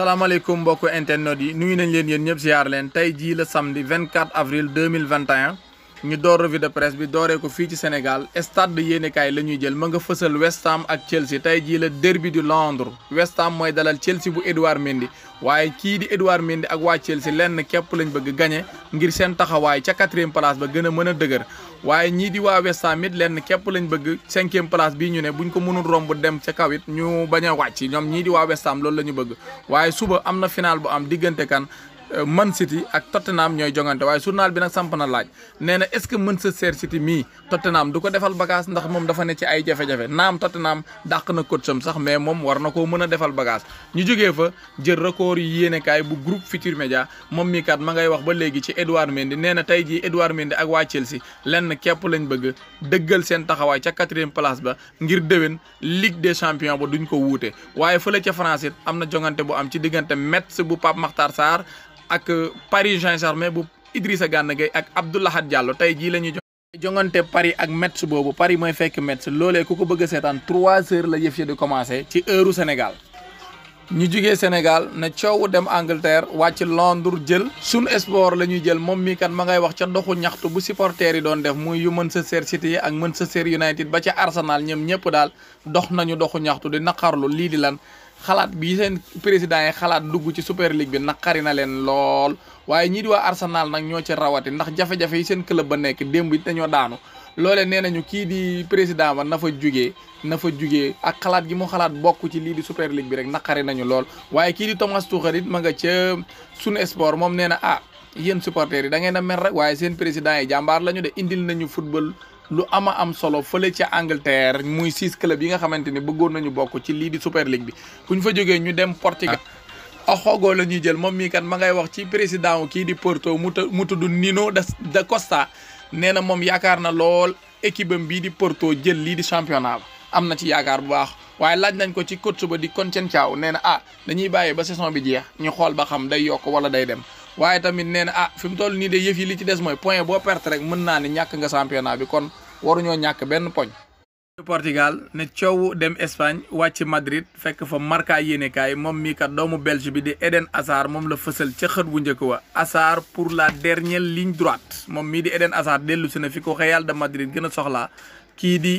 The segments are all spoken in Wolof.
salaamaaleykum mbokk internet yi nuyu nañ leen yéen ñëpp ziar leen tey jii la samedi 24 avril 2021 ñu door revue de presse bi dooree ko fii ci Sénégal stade de yéenekaay la ñuy jël ma nga fësal West Ham ak Chelsea tey jii la derby du Londres West Ham mooy dalal Chelsea bu Edouard Mendy waaye kii di Edouard mindi ak waa Chelsea lenn képp lañ bëgg gañe ngir seen taxawaay ca quatrième place ba gën a mën a dëgër waaye ñii di waa West it lenn képp lañ bëgg cinquième place bii ñu ne buñ ko mënul romb dem ca kawit ñu bañ a wàcc ñoom ñii di waa West loolu la ñu bëgg waaye suba am na final bu am diggante kan Man City ak Tottenham ñooy jongante waaye journal bi nag samp na laaj nee na est ce que Manchester City mii Tottenham du ko defal bagage ndax moom dafa ne ci ay jafe-jafe naam Tottenham dàq na coacham sax mais moom war na koo mën a defal bagage ñu jógee fa jël record yi yéenekaay bu groupe Futurs Médias moom mii kat ma ngay wax ba léegi ci Edouard Mendy nee na tey jii Edouard Mendy ak waa Chelsea lenn kepp lañ bëgg dëggal seen taxawaay ca quatrième place ba ngir déwén Ligue des champions ba duñ ko wuute waaye fële ca France am na jongante bu am ci diggante Metz bu Pape Makhtar Sarr ak euh, Paris Saint-Germain bu Idrissa Gana Gueye ak Abdou Lahad Diallo tey jii la ñuy jox jongante Paris ak Metz boobu Paris mooy fekk Metz loolee ku ko bëgg seetaan trois heures la yëf yi di commencé ci heure senegal ñu jugee Sénégal na coowu dem Angleterre wàcc Londres jël sun sport la ñuy jël moom mii ma ngay wax ca doxu ñaxtu bu supporters yi doon def muy yu mën sa Manchester City ak mën sa Manchester United ba ca Arsenal ñoom ñëpp daal dox nañu doxu ñaxtu di naqarlu lii di lan xalaat bi seen président yi xalaat dugg ci super league bi naqari na leen lool waaye ñii di waa Arsenal nag ñoo ci rawati ndax jafe-jafe yi seen club ba nekk démb it dañoo daanu loole nee nañu kii di président ba nafa fa jugee na jugee ak xalaat gi mu xalaat bokku ci lii di super league bi rek naqari nañu lool waaye kii di Thomas Tuchel it ma nga ca sunu sport moom nee na ah yéen supporters yi da ngeen a mer rek waaye seen président yi jàmbaar lañu de indil nañu football. lu ama am solo fële ca Angleterre muy six club yi nga xamante ni bëggoon nañu bokk ci lii di Super bi ku ñu fa jógee ñu dem Portugal. Ah. Oxogo la ñuy jël moom mii kat ma ngay wax ci président kii di Porto mu mu tudd Nino da Costa nee na moom yaakaar na lool équipe bii di Porto jël lii di championnat am na ci yaakaar bu baax. waaye laaj nañ ko ci coach ba di Conceição nee na ah dañuy bàyyi ba saison bi jeex ñu xool ba xam day yokk wala day dem. waaye tamit nee na ah fi mu toll nii de yëf yi li ci des mooy point boo perte rek mën naa ne ñàkk nga championnat bi kon ñoo ñàkk benn poñ. Portugal ne coow dem Espagne wàcc Madrid fekk fa Marca yéenekaay moom mii kat doomu belge bi di Eden Hazard moom la fësal ca xët bu njëkk wa Hazard pour la dernière ligne droite moom mii di Eden Hazard dellusi si na fi ko Real de Madrid gën a soxlaa kii di.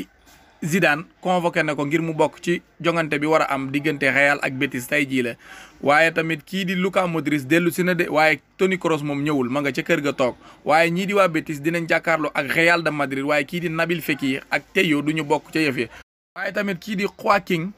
Zidane convoqué na ko ngir mu bokk ci jongante bi war a am diggante Real ak Betis tey jii la waaye tamit kii di Luka Modric dellu si na de waaye Toni Kroos moom ñëwul ma nga ca kër ga toog waaye ñii di waa Betis dinañ jàkkaarloo ak Real da Madrid waaye kii di Nabil Fekir ak Teyo du ñu bokk ca yëf yi waaye tamit kii di Joaquin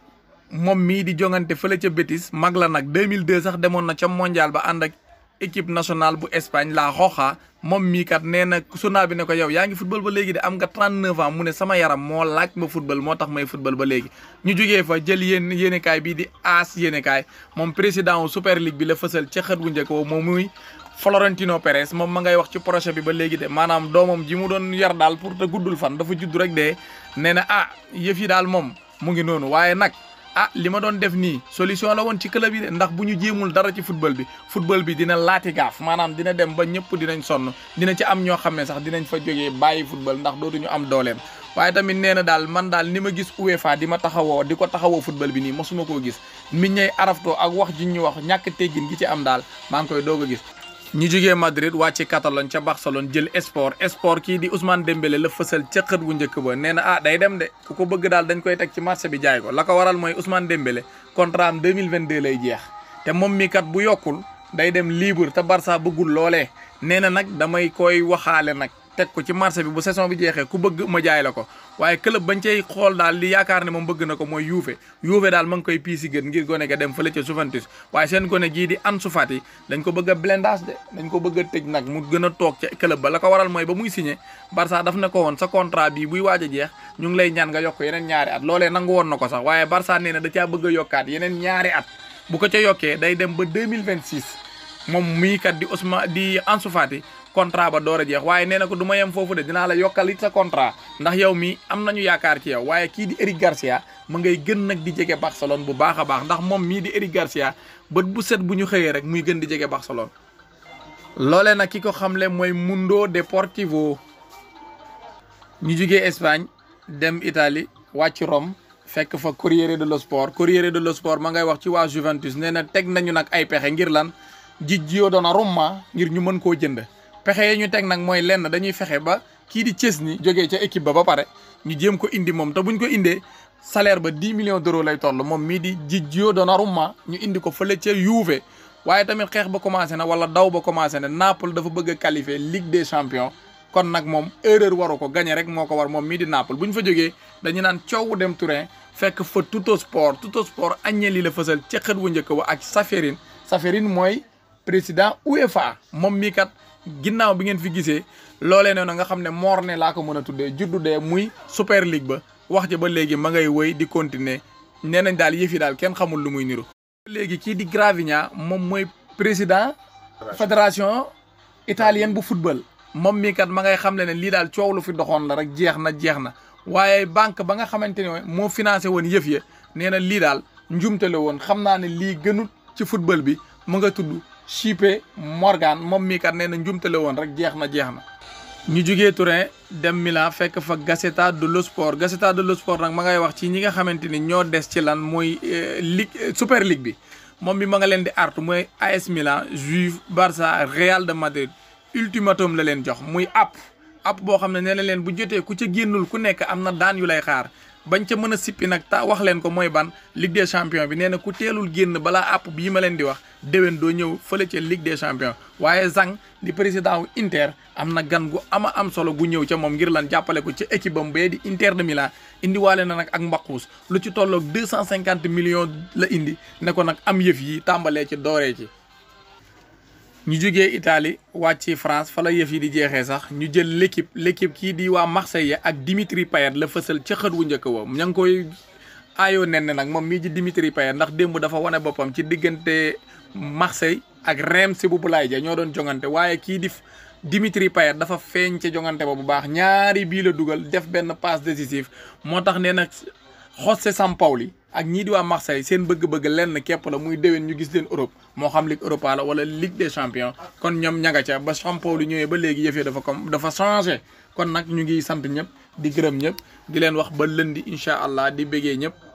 moom mii di jongante fële ca Betis mag la nag 2002 sax demoon na ca mondial ba ànd ak équipe nationale bu Espagne la Roja moom mii kat nee na journal bi ne ko yow yaa ngi football ba léegi de am nga 39 ans mu ne sama yaram moo laaj ma football moo tax may football ba léegi. ñu jógee fa jël yéen yéenekaay bii di AS yéenekaay moom président wu Super League bi la fësal ca xët bu njëkk woo moom muy. Florentino Perez moom ma ngay wax ci projet bi ba léegi de maanaam doomam ji mu doon yar daal pour te guddul fan dafa judd rek de nee na ah yëf yi daal moom mu ngi noonu waaye nag. ah li ma doon def nii solution la woon ci club yi de ndax bu ñu jéemul dara ci futbal bi football bi dina laati gaaf maanaam dina dem ba ñëpp dinañ sonn dina ci am ñoo xam ne sax dinañ fa jógee bàyyi football ndax dootuñu am dooleem. waaye tamit nee na daal man daal ni ma gis UEFA di ma taxawoo di ko taxawoo football bi nii mosuma koo gis mi ñay araftoo ak wax ji ñu wax ñàkk teggin gi ci am daal maa ngi koy doog a gis. ñu jógee Madrid wàcc Catalogne ca Barcelone jël sport sport kii di Ousmane Dembélé la fësal ca xët bu njëkk ba nee na ah day dem de ku ko bëgg daal dañ koy teg ci marché bi jaay ko la ko waral mooy Ousmane Dembélé contrat am 2022 lay jeex te moom mi kat bu yokkul day dem libre te Barça bëggul loole nee na nag damay koy waxaale nag teg dañ ko bëgg a blindage de dañ ko bëgg tëj nag mu gën toog ca club ba la waral mooy ba muy signé Barça daf ne ko woon sa contrat bii buy waaj jeex ñu ngi lay ñaan nga yokk yeneen ñaari at loolee nangu woon na ko sax waaye Barça nee da caa bëgg yokkaat yeneen ñaari at bu ko ca yokkee day dem ba 2026 moom mii kat di Ousmane di Ansu contrat ba door a jeex waaye nee na ko du ma yem foofu de dinaa la yokkal sa contrat ndax yow mi am nañu yaakaar ci yow waaye kii di Eric Garcia ma ngay gën nag di jege Barcelone bu baax a baax ndax moom mii di Eric Garcia bët bu set bu ñu xëyee rek muy gën di jege Barcelone. loole nag ki ko xamle mooy Mundo Deportivo ñu jugee Espagne dem Italie wàcc Rome fekk fa Corriere dello Sport Corriere dello Sport ma ngay wax ci waa Juventus nee na teg nañu nag ay pexe ngir lan ji Donnarumma ngir ñu mën koo jënd. pexe yi ñu teg nag mooy lenn dañuy fexe ba kii di Cés ni jógee ca équipe ba ba pare ñu jéem ko indi moom te buñ ko indee salaire ba 10 million d'euros lay toll moom mii di Gigio Donnarumma ñu indi ko fële ca Juve waaye tamit xeex ba commencé na wala daw ba commencé na Naples dafa bëgg a qualifier Ligue des champions kon nag moom erreur waru ko gagné rek moo ko war moom mii di Naples bu ñu fa jógee dañu naan coow dem Turin fekk fa Tuttosport Tuttosport Agnelli la fësal ca xët wu njëkk wa ak Safferin Safferin mooy président UEFA moom mii kat. ginnaaw bi ngeen fi gisee loolee noonu nga xam ne moor ne laa ko mën a tuddee juddu dee muy super league ba wax ja ba léegi ma ngay wëy di continuer nee nañ daal yëf yi daal kenn xamul lu muy niru. léegi kii di Gravina moom mooy président. fédération italienne bu football. moom mii kat ma ngay xam ne ne lii daal coow lu fi doxoon la rek jeex na jeex na waaye banque ba nga xamante ne moo financé woon yëf ya nee na lii daal njuumtele woon xam naa ne lii gënut ci football bi mu Chipe Morgan moom mii kat nee na njumte la woon rek jeex na jeex na. ñu jugee Turin dem Milan fekk fa Gazzetta dello Sport Gazzetta dello Sport nag ma ngay wax ci ñi nga xamante ni ñoo des ci lan mooy euh, ligue euh, super ligue bi moom bi ma nga leen di artu mooy AS Milan Juve Barça Real de Madrid ultimatum la leen jox muy àpp app boo xam ne nee na leen bu jotee ku ca génnul ku nekk am na daan yu lay xaar bañ ca mën a sippi nag ta wax leen ko mooy ban Ligue des champions bi nee na ku teelul génn balaa app bii ma leen di wax. déwén doo ñëw fële ca Ligue des champions waaye Zhang di président wu Inter am na gan gu ama am solo gu ñëw ca moom ngir lan jàppale ko ca équipe bam bee di Inter de Milan indiwaale na nag ak mbaquus lu ci tolloog deux cent cinquante millions la indi ne ko nag am yëf yi tàmbalee ci dooree ci ñu jógee Italie wàcc ci France fa yëf yi di jeexee sax ñu jël l'équipe l'équipe kii di waa Marseille ak Dimitri Payet la fësal ca xët wu njëkk wa ña ngi koy aayoo nen nag moom mii ji Dimitri Payet ndax démb dafa wane boppam ci diggante Marseille ak Reims bu Boulaye ja ñoo doon jongante waaye kii di Dimitri Payet dafa feeñ ci jongante ba bu baax ñaari bii la dugal def benn passe décisif moo tax nee na José Sampaoli ak ñii di waa Marseille seen bëgg-bëgg lenn képp la muy déwén ñu gis leen Europe moo xam Ligue Europa la wala Ligue des Champions kon ñoom ña nga ca ba Sampaoli ñëwee ba léegi yëf yi dafa changé kon nag ñu ngi sant ñëpp di gërëm ñëpp di leen wax ba lëndi incha allah di bëggee ñëpp.